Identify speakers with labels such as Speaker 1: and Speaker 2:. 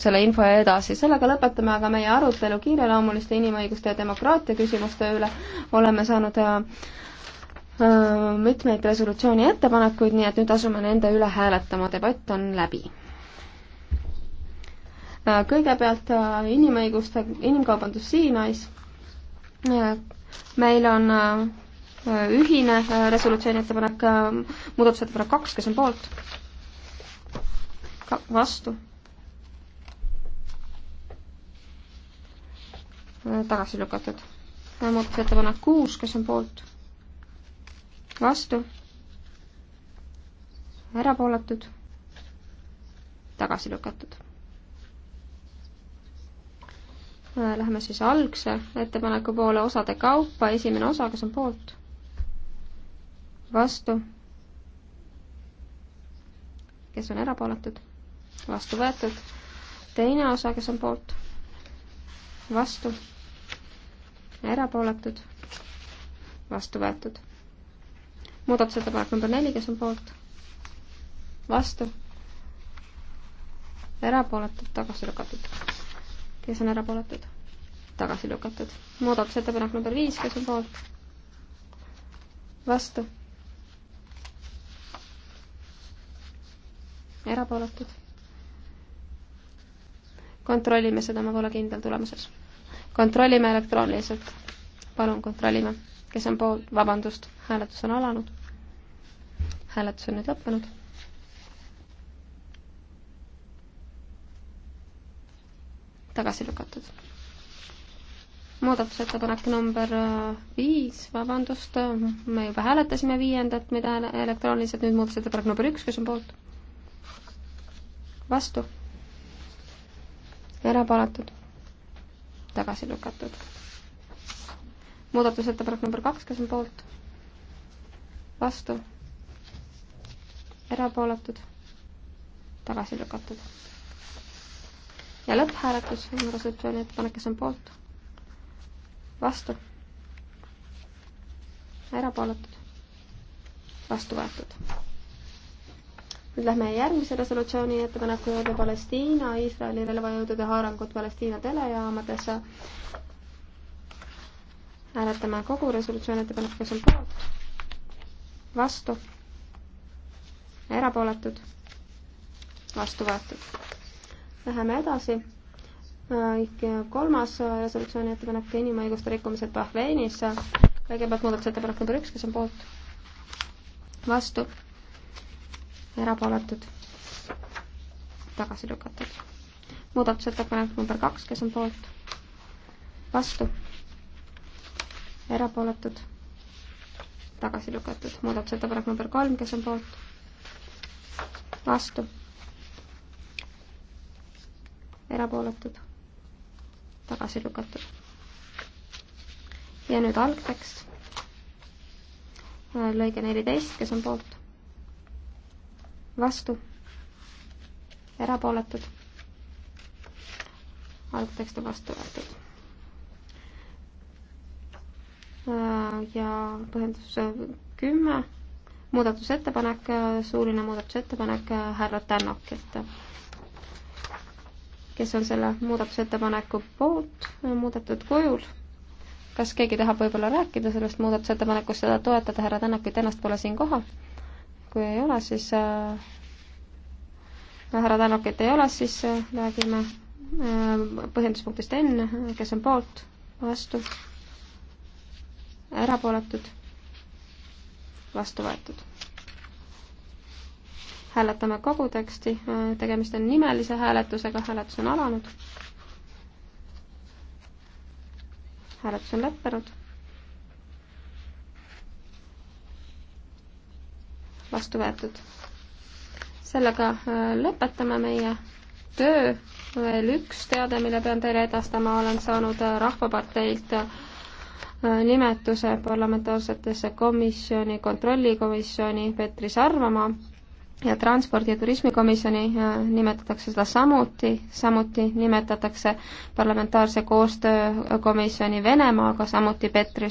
Speaker 1: selle info edasi. sellega lõpetame aga meie arutelu kiireloomuliste inimõiguste ja demokraatia küsimuste üle. oleme saanud äh, äh mitmeid resolutsiooni ettepanekuid, nii et nüüd asume nende üle hääletama. debatt on läbi. Äh, kõigepealt äh, inimõiguste, inimkaubandus Siinais. meil on ühine resolutsiooni ettepanek, muudatusettepanek kaks, kes on poolt? vastu tagasi lükatud. muudatusettepanek kuus, kes on poolt? vastu? erapooletud? tagasi lükatud. Läheme siis algse ettepaneku poole osade kaupa, esimene osa, kes on poolt? vastu? kes on erapooletud? vastu võetud. teine osa, kes on poolt? vastu erapooletud, vastu võetud. muudatusettepanek number neli, kes on poolt, vastu, erapooletud, tagasi lükatud. kes on erapooletud? tagasi lükatud. muudatusettepanek number viis, kes on poolt? vastu. erapooletud. kontrollime seda, ma pole kindel tulemuses kontrollime elektrooniliselt. palun kontrollime, kes on poolt, vabandust, hääletus on alanud. hääletus on nüüd lõppenud. tagasi lükatud. muudatusettepanek number äh, viis, vabandust, me juba hääletasime viiendat, mida elektrooniliselt, nüüd muudatusettepanek number üks, kes on poolt? vastu? erapooletud tagasi lükatud. muudatusettepanek number kaks, kes on poolt? vastu? erapooletud? tagasi lükatud. ja lõpphääletus, muudatusettepanek, ettepanek, kes on poolt? vastu? erapooletud? vastu võetud nüüd lähme järgmise resolutsiooni ettepaneku juurde Palestiina, Iisraeli relvajõudude haarangud Palestiina telejaamadesse ja. hääletame kogu resolutsiooni ettepaneku, kes on poolt, vastu, erapooletud, vastu võetud. Läheme edasi. Äh, kolmas resolutsiooni ettepanek, inimõiguste rikkumised Bahreinis. kõigepealt muudatusettepanek number üks, kes on poolt, vastu erapooletud, tagasi lükatud. muudatusettepanek number kaks, kes on poolt, vastu, erapooletud, tagasi lükatud. muudatusettepanek number kolm, kes on poolt, vastu, erapooletud, tagasi lükatud. ja nüüd algtekst, lõige neliteist, kes on poolt vastu, erapooletud, algtekst on vastu võetud. Äh, ja põhjendus äh, kümme, muudatusettepanek, äh, suuline muudatusettepanek härra Tännakilt kes on selle muudatusettepaneku poolt muudetud kujul. kas keegi tahab võib-olla rääkida sellest muudatusettepanekust, seda toetada, härra Tänak, ennast pole siin kohal kui ei ole, siis äh, härra Tänokit ei ole, siis äh, räägime äh, põhjenduspunktist N, kes on poolt, vastu, erapooletud, vastu võetud. hääletame kogu teksti, tegemist on nimelise hääletusega, hääletus on alanud. hääletus on lõppenud vastu võetud. sellega äh, lõpetame meie töö. veel üks teade, mille pean teile edastama, olen saanud äh, Rahvaparteilt äh, nimetuse parlamentaarsetesse komisjoni, kontrollikomisjoni Petri Sarvamaa ja Transpordi- ja Turismikomisjoni nimetatakse seda samuti, samuti nimetatakse parlamentaarse koostöökomisjoni Venemaaga samuti Petri